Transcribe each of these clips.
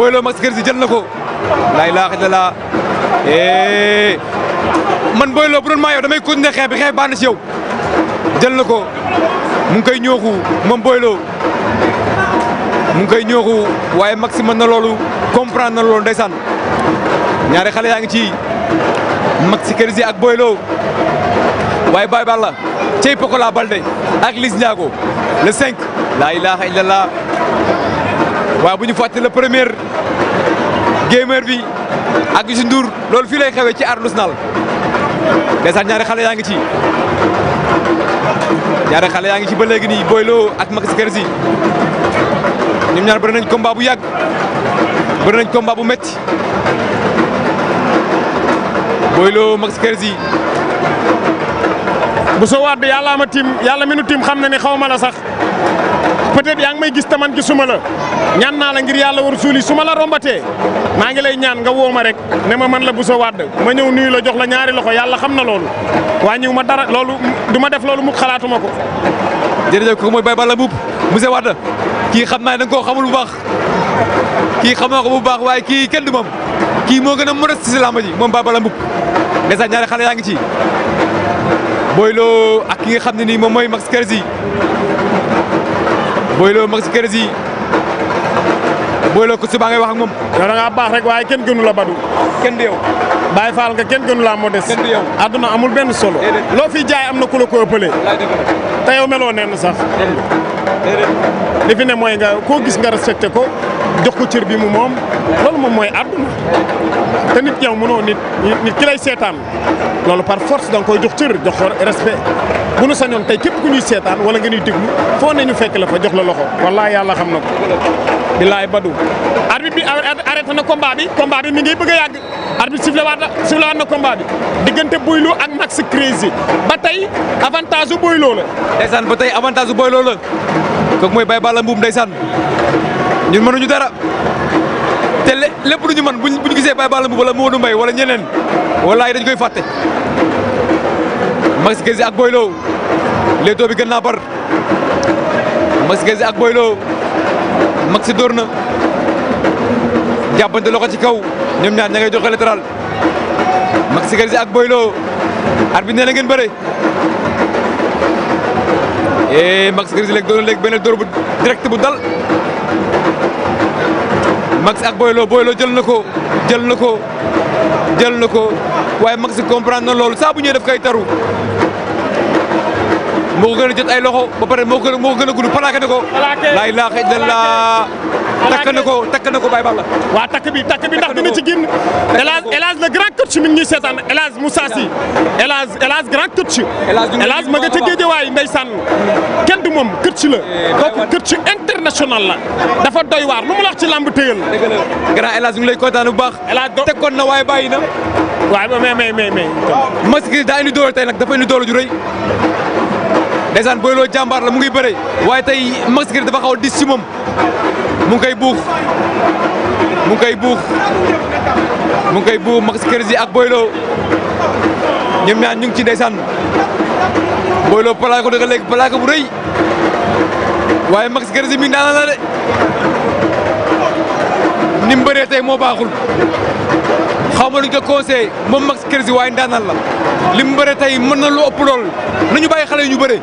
Boy Lo Max Kersi jël na ko laa ilaaha illallaah eh. man Boy Lo bu doon maa yow damay continuer xeex bi xeex baax na si yow jël na ko mu ngi koy ñooxu moom Boy Lo mu ngi koy ñooxu waaye Max mën na loolu comprendre na loolu ndeysaan ñaari xale yaa ngi ci Max Kersi ak Boy Lo waaye Baye Balla cey Pokola Balde ak Liss Ndiago le 5 laa ilaaha illallaah waaw bu ñu fàttali la première gamer bi ak Youssou Ndour loolu fii lay xewee ci Arène Nationale ndeysaan ñaari xale yaa ngi ci ñaari xale yaa ngi ci ba léegi nii Boy Lo ak Max Kersi ñoom ñaar bëri nañ combat bu yàgg bëri nañ combat bu metti Boy Lo Max Kersi bu soo waat bi yàlla ama tiim yàlla mi nu tiim xam na ni xaw ma la sax peut-être yaa ngi may gis te man gisuma la ñaan naa la ngir yàlla war suuli su ma la rombatee maa ngi lay ñaan nga woo ma rek ne ma man la bu sa wàdd ma ñëw nuyu la jox la ñaari loxo yàlla xam na loolu waa ñëw ma dara loolu du ma def loolu mukk xalaatuma ko jërëjëf kooku mooy Baye Balla Mboup monsieur Wade kii xam naa ne nga koo xamul bu kii xam naa ko bu baax waaye kii kenn du kii moo gën a modeste si làmb ji moom Baye Balla Mboup dèjà ñaari xale yaa ngi ci Boy Lo ki nga xam ne nii moom mooy Max Kerzi Boy Lo Maxi Crézi Boy Lo course ba ngay wax ak moom. yow da baax rek waaye kenn gënu la badu. kenn du yow. Baye Fall nga kenn gënu laa modeste. kenn amul benn solo. loo fi jaay am na ku ko ëppalee. te yow meloo neen sax. li fi ne mooy nga koo gis nga respecté ko. jox ko cër bii mu moom loolu moom mooy àdduna te nit yow mënoo nit nit ki lay seetaan loolu par force da nga koy jox cër jox ko respect bu nu sañoon tey képp ku ñuy seetaan wala nga ñuy déglu foo ne ñu fekk la fa jox la loxo wallaahi yàlla xam na ko bilaay badu arbitre bi arrêté na combat bi mi ngi bëgg a yàgg arbitre sifflé waat na sifflé waat na combat bi diggante Boylo ak Max Crazy ba tey avantage u Boylo la ndeysaan ba tey avantage u Boylo la kooku mooy Baye Balla Mbuum ndeysaan ñun mënuñu dara te le lépp lu ñu mën buñ buñ gisee Baye Balla Mbuub wala Modou Mbaye wala ñeneen walaay dañ koy fàtte. Max Guèze ak Boy Lo léetoo bi gën naa bar Max ak Boy Lo maksi dóor na jàppante loxo ci kaw ñoom ñaar ña ngay joxe latéral Max ak Boy Lo ar bi nee na ngeen bëre eh Max Guèze léegi doon na léegi benn bu direct bu dal. Max ak Boylo Boylo jël na ko jël na ko jël na ko waaye Max comprendre na loolu saa bu def daf taru moo ko gën a jot ay loxo ba pare moo ko gën a moo ko gën a na ko. laa ilaaha illallaah takk ko takk na ko Baye Balla. waa takk bi takk bi ndax dina ci génn. El Hadj El Hadj le grand coach mi ngi ñuy seetaan El Hadj Moussa Sy. El Hadj El grand coach. El Hadj ma nga ca géejewaay ndeysaan kenn du moom coach la. Eh, kooku coach international la. dafa doy waar lu mu la ci làmb téyal. dëgg la grand El Hadj lay kontaan bu baax. El Hadj tekkoon na waaye bàyyi na. waaw mais mais mais mais. Massi daa indi doole tey nag dafa indi doole ju rëy. ndeysaan booy loo jàmbaar la mu ngi bëre waaye tey Massi dafa xaw a dis ci moom mu ngi koy buux mu ngi koy buux mu ngi buux Max Kreuzi ak Boylo ñoom ñaar ñu ngi ci ndeysaan Boylo plaqué ko daga léegi plaqué bu rëy waaye Max Kreuzi mi daana la de ni mu bëree tey moo baaxul xaw ma luñ ko conseillé moom Max Kreuzi waaye ndaanal la li mu bëre tey mën na lu ëpp lool nañu bàyyi xale yu ñu bëre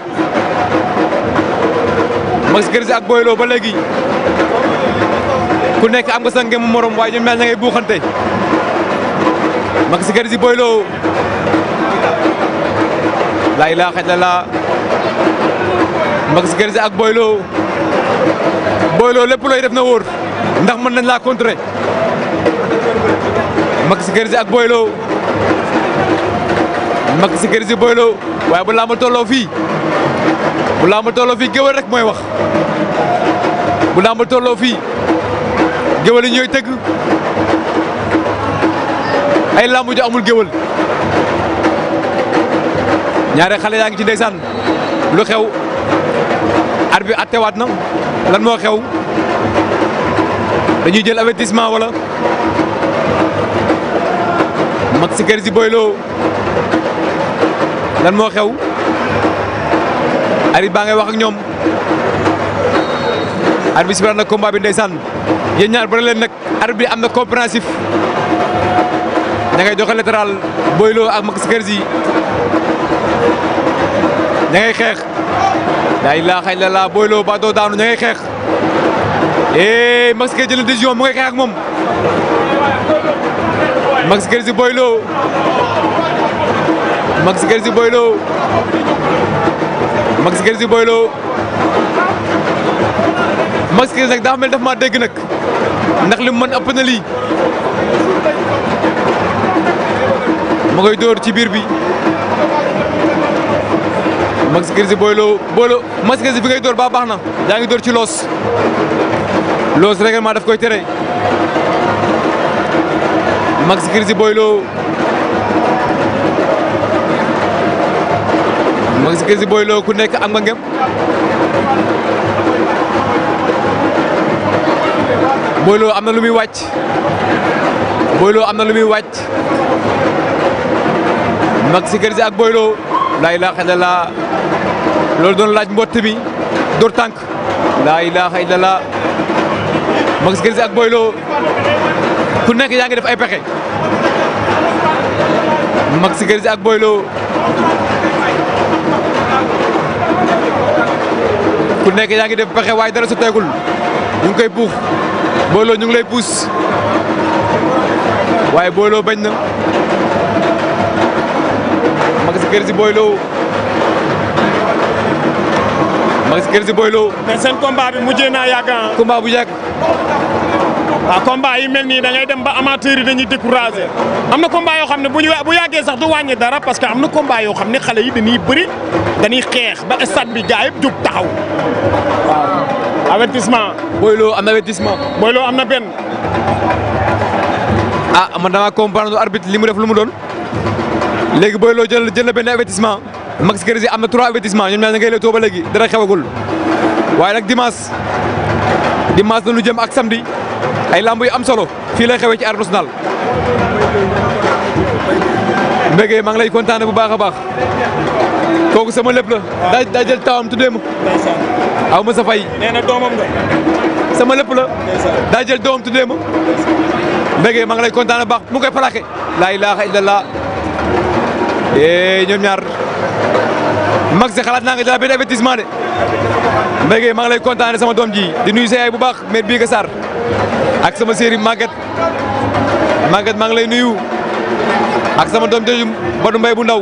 Max Kreuzi ak Boy Lo ba léegi ku nekk am nga sa ngëm morom waaye ñu mel na ngay buuxante Maxi Kërsi Boy Lo laa ilaaha illallaah Maxi Kërsi ak Boy Lo Boy Lo lépp looy def na wóor ndax mën nañ laa contrer Maxi Kërsi ak Boy Lo Maxi Kërsi Boy Lo waaye bu laa ma tolloo fii bu laa ma tolloo fii géwél rek mooy wax bu laa tolloo fii géwël yi ñooy tëgg ay làmb ju amul géwël ñaare xale yaa ngi ci ndeysaan lu xew ar bi attewaat na lan moo xew dañuy jël avertissement wala si Kërsi Boylo lan moo xew ari baa ngay wax ak ñoom arbitre bi sifflé na combat bi ndeysaan yéen ñaar bëri leen nag arbitre bi am na compréhensif ña ngay joxe latéral Boy Lo ak Max Kerzi ña ngay xeex laa ilaaha illallaah Boy Lo ba doo daanu ña ngay xeex eh Max Kerzi jël décision mu ngay xeex ak moom Max Kerzi Boy Lo Max Kerzi Boy Lo Max Kerzi Boy Lo Max Crèce nag daa mel daf maa dégg nag ndax li mu mën ëpp na lii ma koy dóor ci biir bi Max Crèce booyloo booyloo Max Crèce bi ngay dóor ba baax na yaa ngi dóor ci loos loos règlement daf koy tere Max Crèce booyloo Max Crèce booyloo ku nekk ak ma ngem Boy Lo am na lu muy wàcc Boy am na lu muy wàcc Maxi Crézi ak Boy Lo laa ilaaha illallaah loolu doon laaj mbott bi dóor tànk laa ilaaha illallaah Maxi Crézi ak Boy Lo ku nekk yaa ngi def ay pexe Maxi Crézi ak Boy Lo ku nekk yaa ngi def pexe waaye dara su teegul ñu ngi koy buux Boy Lo ñu ngi lay puus waaye Boy Lo bañ na ma nga si kër si Boy Lo ma nga si kër si Boy Lo. mais seen combat bi mujjee naa yàgg ah. bu yàgg. waaw ah, combat yi mel nii da ngay dem ba amateur yi dañuy découragé am na combat yoo xam ne bu ñu bu yàggee sax du wàññi dara parce que am na combat yoo xam ni xale yi dañuy bëri dañuy xeex ba stade bi gars yëpp taxaw avertissement. Boy am na avertissement. Boy Lo am na benn. ah man dama comprendre li mu def lu mu doon léegi Boy Lo jël jël na benn avertissement Max Grési am na trois avertissement ñoom ñaar da ngay lay ba léegi dara xewagul waaye nag dimaas dimanche la ñu jëm ak samedi ay lamb yu am solo fii lay xewee ci arène nationale. Mbégué maa ngi lay kontaane bu baax a baax kooku sama lépp la daa daa jël tawam tuddee ma aw ma sa fay nee na doomam nga sama lépp la daa jël doomam tuddee ma Mbégué maa ngi lay bu baax mu koy plaqué laa ilaaha illallah eh, ñoom ñaar mag si xalaat naa nga jëlaat benn avertissement de Mbégué maa ngi lay kontaane sama doom ji di nuyu sa bu baax mais bii nga Sarr ak sama séeri Maguette Maguette maa ngi lay nuyu ak sama doom jooju Badou Mbaye bu ndaw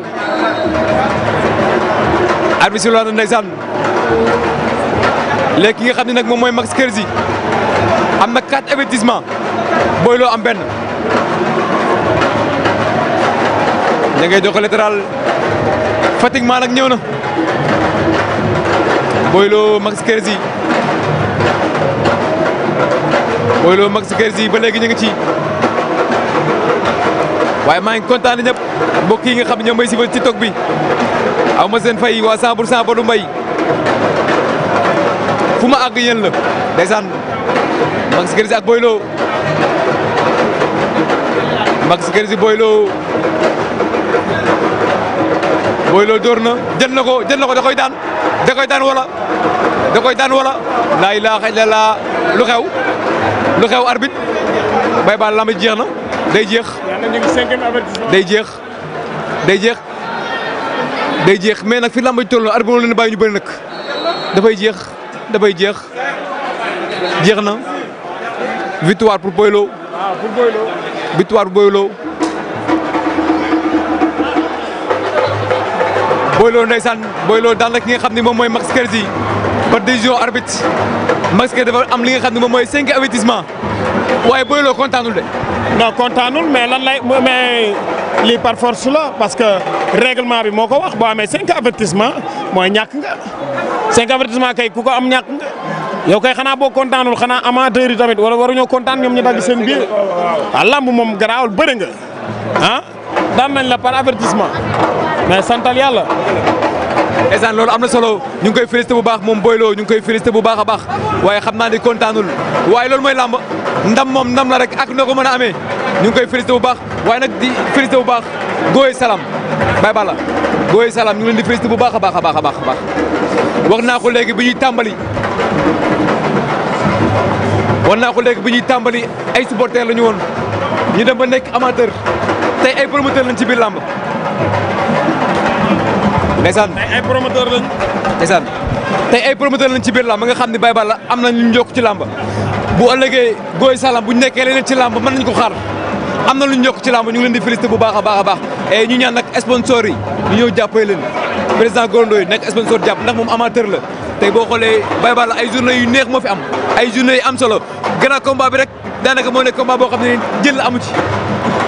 arbitre si loolu ki nga xam ni nag moom mooy Max Kerzi am na quatre avertissement booy loo am benn ña ngay jox latéral Fatick maa nag ñëw na booy loo Max Kerzi booy loo Max Kerzi ba léegi ñu ngi ci waaye maa ngi kontaane ñëpp mbokk yi nga xam ñoom may si TikTok bi aw ma seen fay waa 100 pour 100 Badou Mbaye fu ma àgg yéen la ndeysaan Max Gerzi ak Boylo Max Gerzi Boylo Boylo door na jël na ko jël na ko da koy daan da koy daan wala da koy daan wala laa ilaaha lu xew lu xew arbitre bay baal lamb jeex na day jeex. day jeex day jeex day jeex mais nag fi làmb ji toll arbitre ñu bëri nag dafay jeex dafay jeex jeex na victoire pour Boy Lo. Ah, victoire pour Boy Lo. Boy Lo ndeysaan daan na ki xam ne moom mooy Max Kerzi par décision arbitre Max Kerzi dafa am li nga xam ne moom mooy cinq avertissement waaye Boy Lo kontaanul de. non kontaanul mais lan lay mais lii par force la parce que règlement bi moo ko wax boo amee cinq avertissement mooy ñàkk nga cinq avertissement kay ku ko am ñàkk nga. yow kay xanaa boo kontaanul xanaa amateur yi tamit wala waruñoo kontaan ñoom ñu dagg seen biir a ah, lamb moom garaawul bëri nga ah daan nañ la par avertissement mais santal yàlla. esaan loolu am na solo ñu koy félicité bu baax moom Boy Lo ñu koy félicité bu baax baax waaye xam naa ni kontaanul waaye loolu mooy làmb ndam moom ndam la rek ak noo ko mën a amee ñu ngi koy félicité bu baax waaye nag di félicité bu baax Goye Salam bay bala Goye salaam ñu ngi leen di félicité bu baax baax a baax a baax wax naa ko léegi bi ñuy tàmbali wax naa ko léegi bi ñuy tàmbali ay supporters la ñu woon ñu dem ba nekk amateur tey ay promoteur lañ ci biir làmb ndeysaan ay promoteur lañ. ndeysaan tey ay promoteur lañ ci biir làmb nga xam ne bay bala am na lu ñu yokk ci làmb bu ëllëgee Boy Salam bu ñu nekkee leneen ci làmb mën nañ ko xaar am na lu ñu yokk ci làmb ñu ngi leen di félicité bu baax a baax a baax et eh, ñu ñaan nag sponsor yi ñu ñëw jàppale leen président Gorondo yi nekk sponsor jàpp ndax moom amateur la tey boo xoolee Baye Balla ay journée yu neex moo fi am ay journée yu am solo grand combat bi rek. daanaka moo nekk combat boo xam ne jël amu ci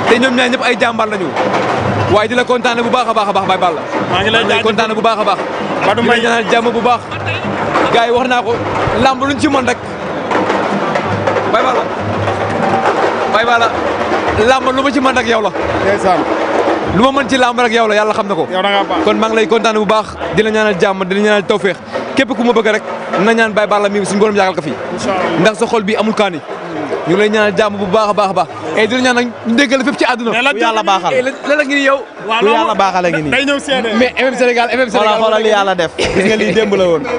te ñoom ñaar ñëpp ay jàmbaar lañu waaye di la kontaane bu baax a baax a baax Baye Balla. maa ngi lay kontaane bu baax baax. Badou Mbaye ñaanal jàmm bu baax. gars yi wax naa ko làmb luñ ci mën rek Baye Balla Baye Balla làmb lu ma ci mën rek yow la. ndeysaan. lu ma mën ci làmb rek yow la yàlla xam na ko. yow kon maa ngi lay kontaane bu baax di la ñaanal jàmm di la ñaanal tawféex képp ku ma bëgg rek na ñaan Baye Balla mi si borom yàggal ko fi. ndax sa xol bi amul kaani ñu ngi lay ñaanal jàmm bu baax a baax a baax et eh, di la ñaanal ñu déggal fépp ci àdduna. bu yàlla baaxal eh, la ngi ni yow. waaw loolu day ñëw seede mais FM Sénégal FM Sénégal xoolal li yàlla def gis nga lii démb la woon.